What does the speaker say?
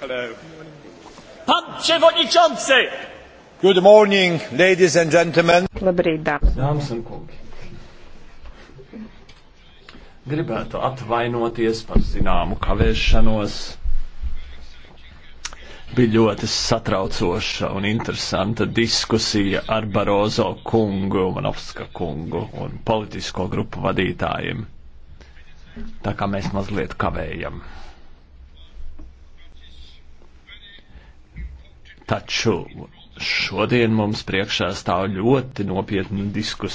Hello. Pan przewodniczący! Good morning, ladies and gentlemen. Labrīt, dāmas un kungi. Gribētu atvainoties par zināmu kavēšanos. Bija ļoti satraucoša un interesanta diskusija ar Barozo kungu, Manovska kungu un politisko grupu vadītājiem. Tā kā mēs mazliet kavējam. Taču šodien mums priekšā stāv ļoti nopietna diskusija.